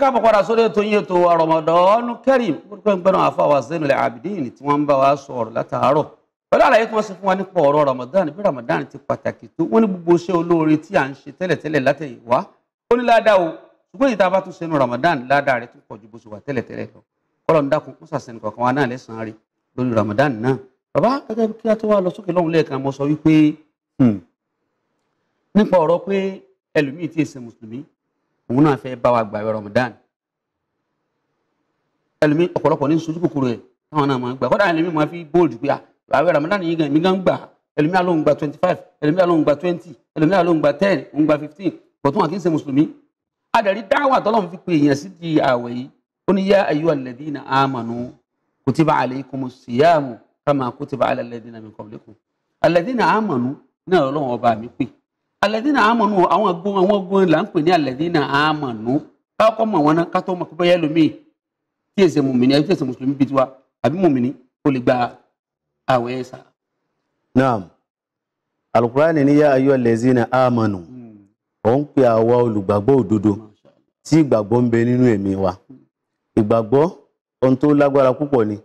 káàbọ̀ padà sórí ètò yín ètò Ramadan Kareem gbọ́dọ̀ gbẹ́nu àfa wa Zainul Abidin tí wọ́n ń bá wa sọ̀rọ̀ látàárọ̀ pẹ̀lú àlàyé tí wọ́n ṣe fún wa nípa ọ̀rọ̀ Ramadan bí Ramadan ti pàtàkì tó wọ́n ní gbogbo iṣẹ́ olóore tí à ń ṣe tẹ́lẹ̀tẹ́lẹ̀ látẹ̀yìnwá ó ní ládàá o ṣùgbọ́n ìta bá tún ṣẹnu Ramadan ládàá rẹ̀ tún pọ̀ ju bó ṣe wà tẹ́lẹ̀tẹ́lẹ̀ lọ kọ́lọ̀ ń dákun kó sàṣẹni kọ̀ọ̀kan wa náà lẹ́sàn-án rí lórí Ramadan náà bàbá gẹ́gẹ́ bí kí a tó wá lọ sókè lọ́hùn lẹ́ẹ̀kan mo sọ wípé hmm, nípa ọ̀rọ̀ pé ẹlòmíì tí èsì mùsùlùmí òun náà fẹ́ bá wa gbààwẹ̀ Ramadan ẹlòmí ọ̀pọ̀lọpọ̀ ní sojú kòkòrò ẹ̀ táwọn náà máa ń gbà kọ́dà ẹlòmí máa fi bóòlù pé àwẹ̀ Ramadan yìí gan-an mi gan gbà ẹlòmí àlóhùn gba twenty five ẹlòmí àlóhùn gba twenty ẹlòmí àlóhùn gba ten òun gba fifteen bọ̀tún àkíyèsí mùsùlùmí adàrí dáwà tọ́lọ́run fi pè èèyàn sí di àwẹ̀ yìí ó ní yá ayyuha alladhina amanu kutiba alaykumus siyamu kama kutiba ala alladhina min qablikum alladhina amanu náà ọlọ́run ọba mi pè alẹ́dínà àmọ̀nù àwọn agbóhùn àwọn agbóhùn là ń pè ní alẹ́dínà àmọ̀nù káàkọ́ mọ̀ wọn náà ká tó mọ̀ pé bóyá ẹlòmíì tí èsè mùmìnì àbí tí èsè mùsùlùmí bíi tiwa àbí mùmìnì kò lè gba àwẹ̀ ẹ̀ sà. naam alukurani ni yá ayọ alẹ́dínà àmọ̀nù ò ń pe àwa olùgbàgbọ́ òdodo tí ìgbàgbọ́ ń bẹ nínú ẹ̀mí wa ìgbàgbọ́ ohun tó lágbára púpọ̀ ni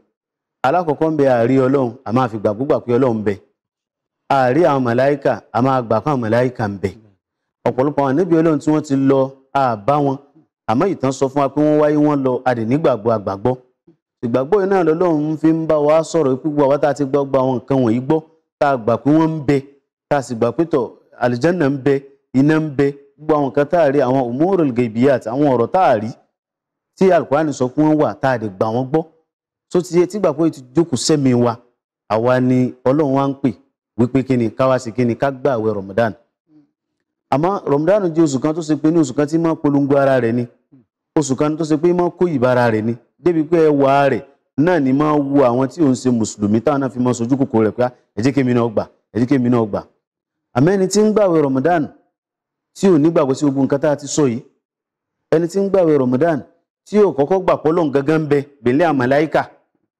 alákọ̀ọ́kọ́ ń bẹ àárí ọlọ́run àmọ́ àfìgbàgbọ́gbà pé ọlọ́run bẹ́ẹ̀ àárí àwọn màláìkà a máa gbà fún àwọn màláìkà ń bẹ ọ̀pọ̀lọpọ̀ àwọn ànábì Ọlọ́run tí wọ́n ti lọ àbá wọn àmọ́ ìtàn sọ fún wa pé wọ́n wáyé wọ́n lọ adìnígbàgbọ́ àgbàgbọ́ ìgbàgbọ́ yìí náà lọ́lọ́run fi ń bá wa sọ̀rọ̀ pípọ̀ àwa tá a ti gbọ́ gba àwọn nǹkan wọ̀nyí gbọ́ tá a gbà pé wọ́n ń bẹ tá a sì gbà pé tọ̀ àlìjánà ń bẹ iná ń bẹ gbogbo àwọn nǹkan tá a rí àwọn umurul gaibiyat àwọn ọ̀rọ̀ tá a rí tí alukurani sọ pé wọ́n wà tá a lè gbà wọ́n gbọ́ tó ti yẹ tí gbàgbọ́ yìí ti jókòó sẹ́mi wa àwa ni Ọlọ́run wa ń pè wípé kí ni káwá sí kí ni ká gbà àwẹ̀ Ramadan àmọ́ Ramadan jẹ́ oṣù kan tó ṣe pé ní oṣù kan tí máa polongo ara rẹ̀ ni oṣù kan tó ṣe pé máa kó ìbára rẹ̀ ni débi pé ẹwà rẹ̀ náà ni máa wo àwọn tí òun ṣe mùsùlùmí táwọn náà fi máa sojú kòkòrò rẹ̀ pé ah, ẹ jẹ́ kémi náà gbà ẹ jẹ́ kémi náà gbà àmọ́ ẹni tí ń gbàwẹ̀ Ramadan tí ò nígbàgbọ́ sí gbogbo nǹkan tá a ti sọ yìí ẹni tí ń gbàwẹ̀ Ramadan tí ò kọ́kọ́ gbà pé Ọlọ́run gangan bẹ bẹ̀lẹ́ àmàláíkà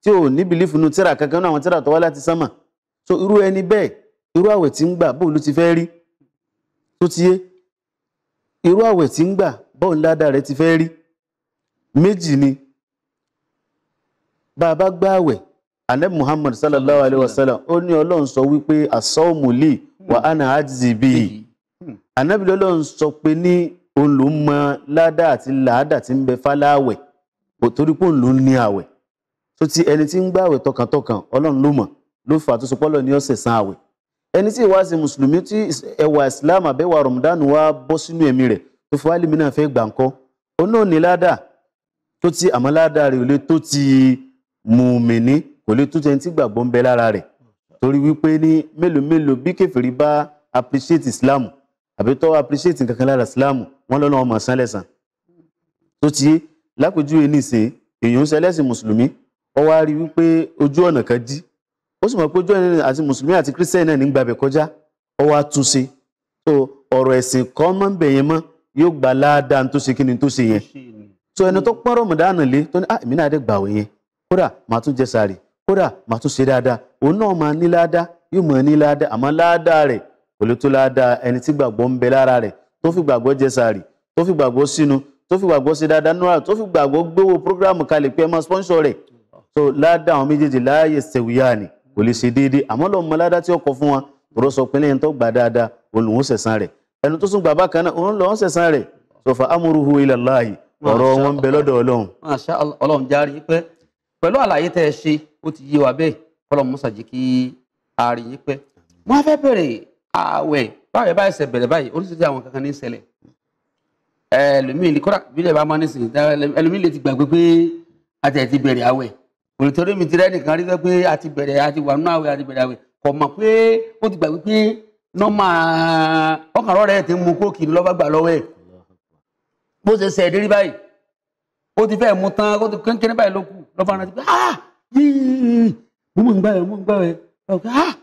tí ò ní bìlífù nu tíra kankan náà àwọn tíra tó wá láti sánmà so irú ẹni bẹ́ẹ̀ irú àwẹ̀ tí ń gbà bóun ló ti fẹ́ rí tó ti yé irú àwẹ̀ tí ń gbà bóun ládàá rẹ̀ ti fẹ́ rí méjì ni bá a bá gbà àwẹ̀ anabi muhammad sallallahu alayhi wa sallam ó ní ọlọ́run sọ wípé asọ́ọ̀mùlì wà á nà ájìzì bíi anabi lọ́lọ́run hmm. sọ pé ní òun ló ń mọ ládàá àti làádàá tí ń bẹ fáláwẹ̀ torí pé òun ló ń ní àwẹ̀ tó ti ẹni tí ń gbàwẹ̀ tọkàntọkàn ọlọ́run ló mọ̀ ló fà tó sọpọ́lọ̀ ní ọ̀sẹ̀ san àwẹ̀ ẹni tí ìwà ṣe mùsùlùmí tí ẹwà islam àbẹ̀wà ramadan wa bọ́ sínú ẹ̀mí rẹ̀ tó fi wálé mi náà fẹ́ gbà ń kọ́ òun náà ní ládàá tó ti àmọ́ ládàá rẹ̀ ò lè tó ti mùmìnì kò lè tó ti gbàgbọ́ ń bẹ lára rẹ̀ torí wípé ní mélòó mélòó bí kèfèrí bá appreciate islam àbí tó appreciate nǹkan kan lára islam wọn lọ́nà ọmọ sán lẹ́sàn tó ti lápèjúwe nìṣe èèyàn ń ṣẹlẹ́sìn mùsùlùmí ó wá rí wípé ojú ọ̀nà kan dí ó sì mọ̀ pé ojú ẹni àti mùsùlùmí àti kírísítẹ́nì náà ní gbàbẹ̀ kọjá ó wá tún ṣe so ọ̀rọ̀ ẹ̀sìn kan máa ń bẹ̀ yẹn mọ́ yóò gbà láàdá tó ṣe kí ni tó ṣe yẹn so ẹni tó pọ́n rọ̀mùdánù lé tó ní ah èmi náà dẹ̀ gbàwé yẹn kódà màá tún jẹ sàárì kódà màá tún ṣe dáadáa òun náà máa ní láàdáa yóò máa ní láàdáa àmọ́ láàdáa rẹ̀ kò lè tó láàdáa ẹni tí gbàgbọ́ ń bẹ lára rẹ̀ tó fi gbàgbọ́ jẹ sàárì tó fi gbàgbọ́ sínú tó fi gbàgbọ́ ṣe dáadáa nura tó fi gbàgbọ́ gbówó programu kalẹ̀ pé ẹ máa sponsor rẹ̀ so láàdáa àwọn méjèèjì láàyè sẹ̀wìyá ni kò lè ṣe déédéé àmọ́ lọ́ọ́ mọ́ládá tí ó kọ fún wọn tòró sọ pé lẹ́yìn tó gbà dáadáa olùwọ́n sẹ̀sán rẹ̀ ẹnu tó tún gbà bákan náà òun lọ́ọ́ sẹ̀sán rẹ̀ sọfà amúruhu ilallahi ọ̀rọ̀ wọn ń bẹ lọ́dọ̀ ọlọ́run. Masha Allah ọlọ́run járí pé pẹ̀lú àlàyé tẹ́ ẹ ṣe ó ti yé wa bẹ́ẹ̀ kọ́lọ́mù Musa jẹ́ kí a rí yín pẹ́. wọ́n á fẹ́ bẹ̀rẹ̀ ààwẹ̀ báwẹ̀ báyìí ṣe bẹ̀rẹ̀ báyìí oríṣiríṣi àwọn kankan ní ṣẹlẹ̀ ẹlòmíì kọ́dà bílẹ̀ bá máa ní sìn ẹlòmíì lè ti gbàgbé pé a tẹ̀ ti bẹ̀rẹ̀ ààwẹ̀ òrìtọ́rí mi ti rẹ́nìkan rí sọ pé a ti bẹ̀rẹ̀ a ti wà nínú àwẹ̀ a ti bẹ̀rẹ̀ àwẹ̀ kò mọ̀ pé ó ti gbà wípé nọ́mà ọkàrọ̀ rẹ̀ ti mú kókì lọ́ba gbà lọ́wọ́ ẹ̀ bó ṣe ṣẹ̀ dérí báyìí ó ti fẹ́ mú tán ó ti kéńkéné báyìí ló kù lọ́ba ara ti pé ah, ah yíyí mo mọ̀ ń gbà yẹn mo ń gbà yẹn ọ̀gá ah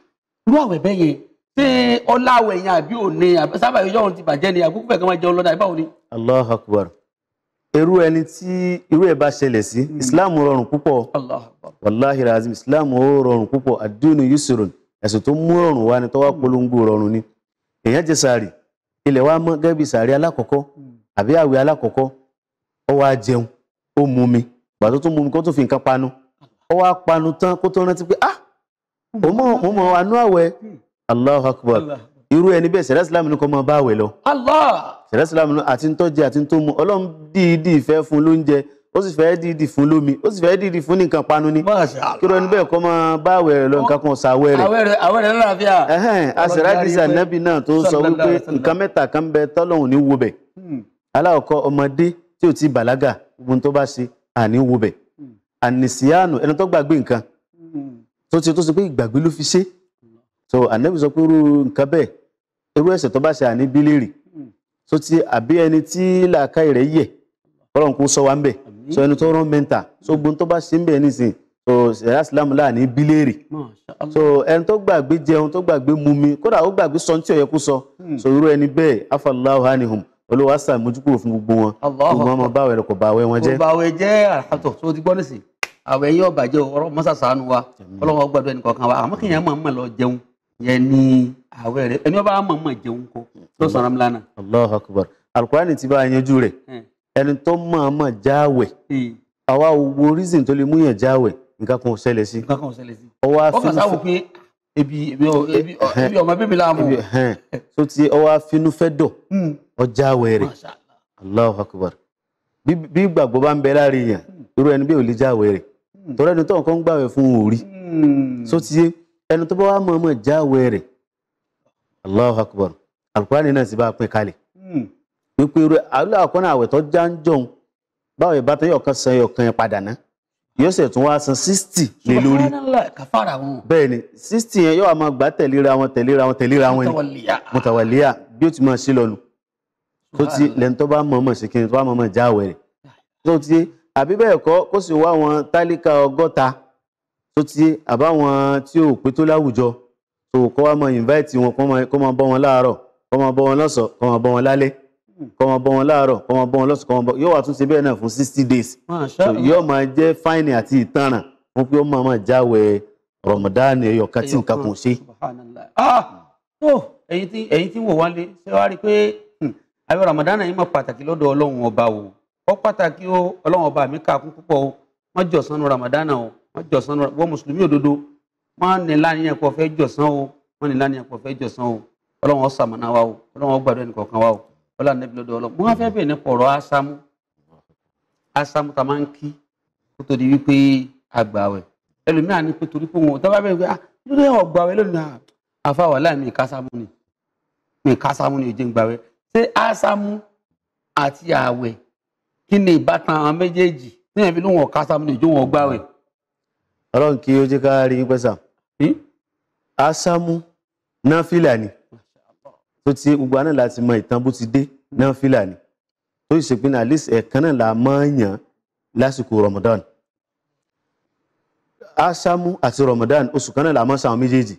irú àwẹ̀ bẹ́ẹ̀ yẹn ṣé ọlá àwẹ̀ yẹn àbí òní sábà yóò yọ̀ ọ́n ti bàjẹ́ ni àbúkù fẹ̀ kí wọ́n jẹun lọ́dà ìbáwọ̀ ni. Allahu Akbar irú ẹni tí irú ẹ̀ bá ṣẹlẹ̀ sí hmm. islam rọrùn púpọ̀ wàláhi razim islam ó rọrùn púpọ̀ àdúnú yusrun ẹ̀sùn tó mú rọrùn wá ni tọ́wọ́ hmm. polongo rọrùn ni èèyàn jẹ sàárì ilẹ̀ wa mọ́ gẹ́gẹ́ bí sàárì alákọ̀ọ́kọ́ hmm. àbí àwẹ̀ alákọ̀ọ́kọ́ ó wá jẹun ó mú mi gbà tó tún mú mi kó tún fi nǹkan panu ó wá panu tán kó tó rántí pé ah mo mọ mo anú àwẹ̀ Allahu akbar irú ẹni bẹ́ẹ̀ sẹ́dá islam ni kò mọ ṣẹ̀dá sílámù náà àti tó jẹ àti tó mu ọlọ́run dìídì fẹ́ fún lóúnjẹ ó sì fẹ́ dìídì fún lómi ó sì fẹ́ dìídì fún nǹkan panu ni kí ló ní bẹ́ẹ̀ kọ́ máa bá àwẹ̀ rẹ̀ lọ nǹkan kan ọ̀sà àwẹ̀ rẹ̀. àwẹ̀ rẹ̀ lálàáfíà. àṣẹ̀rádìsì ànábì náà tó sọ wípé nǹkan mẹ́ta kan bẹ tọ́lọ́hún ní wo bẹ̀. Hmm. aláwọ̀kọ́ ọmọdé tí ò ti bàlágà gbogbo tó bá ṣe àní wo bẹ̀. Hmm. ànìsíyàánù ẹni tó gbàgbé nǹkan hmm. tó ti tó sọ pé ìgbàgbé ló fi ṣe. so ànábì sọ pé irú nǹkan bẹ́ẹ̀ irú ẹ̀ṣẹ̀ tó bá ṣe àní bílẹ̀rì tó ti àbí ẹni tí làákàyè rẹ̀ yẹ Ọlọ́run kò sọ wa ń bẹ sọ ẹni tó rán mẹ́ta so gbogbo tó bá ṣe ń bẹ nísìnyí so ṣẹlẹ asilamu láàní bíléèrè so ẹni tó gbàgbé jẹun tó gbàgbé mumi kódà ó gbàgbé sọ ní tí ó kó sọ hmm. so irú ẹni bẹ́ẹ̀ afalahu anihum olówó asa mójúkúrò fún gbogbo wọn gbogbo wọn máa bá àwẹ̀ rẹ̀ kò bá àwẹ̀ wọn jẹ́. kò bá àwẹ̀ jẹ́ àtọ tó ti gbọ́ nísìn àwẹ̀ yóò àwẹ̀ rẹ ẹni ọba mọ̀ mọ̀ jẹun kọ tó sọ̀rọ̀ mi lánàá. Allahu Akbar alukurani ti bá a yanjú rẹ̀ ẹni tó mọ̀ mọ̀ jáwẹ̀ àwa wo reason tó lè mú yàn jáwẹ̀ nǹkan kan ò ṣẹlẹ̀ sí. nǹkan kan ò ṣẹlẹ̀ sí. ọwọ́ afínú fẹ́ ebi ebi ọmọ bíbí la mú. so ti ọwọ́ afínú fẹ́ dọ̀ ọjà hmm. àwẹ̀ rẹ̀ Allahu Akbar bí ìgbàgbọ́ bá ń bẹ láàrin yàn hmm. irú ẹni bí ò lè hmm. tó so ti ẹni tó bá wà mọ̀ mọ̀ jáwẹ̀ rẹ̀ Allahu Akbar alukurani náà sì bá a pín kalẹ̀ hmm. wípé irú àlọ́ àkọ́nà àwẹ̀ tó já ń jọun báwo ìbátan yóò kan san yóò kan yẹn padà ná yóò sì tún wá san sixty lé lórí bẹ́ẹ̀ ni sixty yẹn yóò máa gbà tẹ̀léra wọn tẹ̀léra wọn tẹ̀léra wọn ni mutawaliya bí ó ti máa ṣe lọ́nu tó ti lẹ́nu tó bá mọ̀ọ́mọ̀ ṣe kiri tó bá mọ̀ọ́mọ̀ já àwẹ̀ rẹ̀ tó ti àbí bẹ́ẹ̀ kọ́ kó sì wá wọn tálíkà ọgọ́ta tó ti àbáwọn tí ò pé tó láwùjọ so kó wá mọ invite wọn kó mọ bọ́ wọn láàárọ̀ kó mọ bọ́ wọn lọ́sọ̀ kó mọ bọ́ wọn lálẹ́ kó mọ bọ́ wọn láàárọ̀ kó mọ bọ́ wọn lọ́sọ̀ kó mọ bọ́ yóò wá tún ṣe bẹ́ẹ̀ náà fún sixty days so yóò máa jẹ́ fáìnì àti ìtanràn fún pé ó máa máa jáwèé rọmọdánì ẹyọ kan tí nǹkan kùn ṣe. Ah! ẹ̀yin tí ẹ̀yin tí ń wò wálé ṣé wàá rí i pé hmm, àwẹ̀ rọmọdánì yìí mọ pàtàkì lọ́dọ̀ Ọlọ́run ọba o ó pàtàkì o Ọlọ́run ọba mi kà kún o wọn jọ sanu rọmọdánì o wọn jọ sanu wọn mùsùlùmí òdodo wọ́n ní láníyàn pọ̀ fẹ́ jọ̀sán o wọ́n ní láníyàn pọ̀ fẹ́ jọ̀sán o ọlọ́run ọ̀sàmọ̀nà wa o ọlọ́run ọgbàdúrà ẹnì kọ̀ọ̀kan wa o ọlọ́run níbi lọ́dọ̀ ọlọ́run mo wá fẹ́ bẹ̀rẹ̀ nípa ọ̀rọ̀ ásámú ásámú ta máa ń kí kó tó di wípé àgbàwẹ̀ ẹlòmíà ní pé torí pé wọn tó bá bẹ̀rẹ̀ pé ah lórí ọgbàwẹ̀ lónìí ah, àfa wà láì mi kásámú ni mi kásámú ni òjé ń gbàwẹ̀ ṣé ásámú àti àwẹ̀ kí ni ìbátan àwọn méjèèjì níyànjú lóhùn ọ̀kásámú ni òjò wọn gbàwẹ̀ ọlọ́run kí ó jẹ́ ká rí yín pẹ́sà asámú náfìlà ni tó ti gbogbo àná láti mọ ìtàn bó ti dé náfìlà ni tó sì ṣèpinnu àlísì ẹ̀kan náà là máa ń yàn lásìkò Ramadan asamu àti Ramadan oṣù kan náà là máa ń sàwọn méjèèjì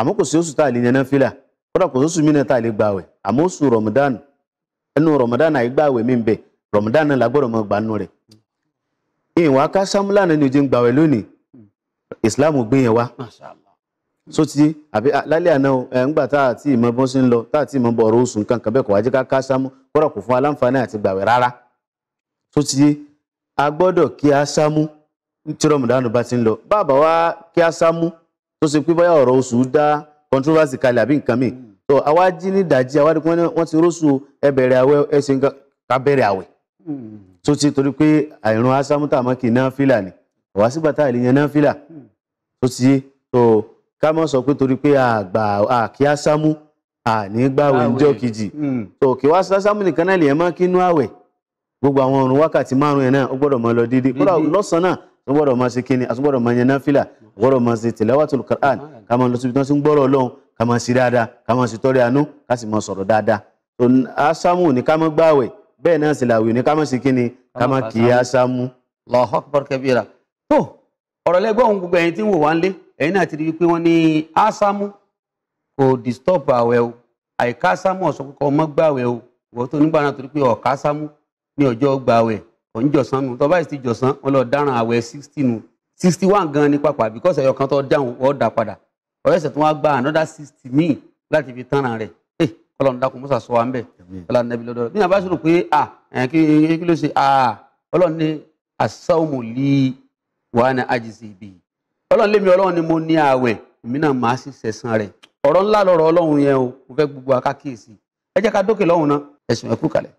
àmọ́ kò sí oṣù tá a lè yan náfìlà kódà kò sóṣù mìíràn tá a lè gbààwẹ̀ àmọ́ oṣù Ramadan ẹnu Ramadan àìgbààwẹ̀ mi ń bẹ Ramadan náà la gbọ́dọ̀ mọ gbà nù rẹ̀ ìwà kásámú lánàá ni ò jẹ́ ń gbààwẹ̀ lónìí islam gbé yẹn wá so ti àbí lálẹ́ àná ẹ̀ ń gbà tá a ti ìmọ̀ bọ́n sí ń lọ tá a ti ìmọ̀ bọ̀ ọ̀rọ̀ oṣù nǹkan kan bẹ́ẹ̀ kò wá jẹ́ ká ká sámú kọ́rọ̀ kò fún wa láǹfààní àti gbàwẹ̀ rárá so ti a gbọ́dọ̀ kí a sámú tí rọmùdánù bá ti ń lọ bàbá wa kí a sámú tó ṣe pé báyà ọ̀rọ̀ oṣù dá controversy kalẹ̀ àbí nǹkan míì tó hmm. àwa ní ìdajì àwa wọ́n ti wá sígbà tá àlè yẹn náà fìlà tó ti yé tó ká mọ̀ sọ pé torí pé àgbà àkí ásámú àní gbàwé níjọ́ kejì tó hmm. kí wá sásámú nìkan náà lè yẹn máa kínú àwẹ̀ gbogbo àwọn ọ̀run wákàtí márùn-ún yẹn náà ó gbọ́dọ̀ máa lọ déédéé kódà mm-hmm. lọ́sàn-án náà ó gbọ́dọ̀ máa ṣe kíni àti gbọ́dọ̀ máa yẹn náà fìlà ó gbọ́dọ̀ máa ṣe tìlẹ́wàtò Qur'an ká máa lọ síbi tí wọ́n ti ń gbọ́rọ̀ Ọlọ́run ká máa ṣe dáadáa ká máa ṣe tọ́rẹ àánú ká sì máa sọ̀rọ̀ dáadáa tó ásámù ní ká máa gbààwẹ̀ bẹ́ẹ̀ náà sì làwẹ̀ ní ká máa ṣe kíni ká máa kì í ásámù. Allahu tó ọ̀rọ̀ lẹ́gbẹ́ ohun gbogbo ẹ̀yin tí ń wò wá ń lé náà ti ri pé ní kò disturb àwẹ̀ o àìká ásámú ọ̀sán kọ́kọ́ ọmọ o ìwọ́n tó nígbà náà torí pé ọ̀ká ásámú ní ọjọ́ gbàwẹ̀ kò nu tọ́ba ìsìn jọ̀sán wọn lọ dáràn sixty nu one gan ni pàpà because ẹ̀yọ̀ kan tó dáhùn wọ́n dà padà another sixty láti fi tán rẹ̀ ẹ̀ eh, ọlọ́run dákun sọ wa ń bẹ̀ ọlọ́run wàá na àjèjì bì í ọlọ́run lémi ọlọ́run ni mo ní ààwẹ̀ èmi náà màá sì sẹ̀san rẹ̀ ọ̀rọ̀ ńlá lọ̀rọ̀ ọlọ́run yẹn o mo fẹ́ gbogbo akákíyèsí ẹ jẹ́ ká dókè lọ́hùn náà ẹ̀sùn ẹ̀kú kalẹ̀.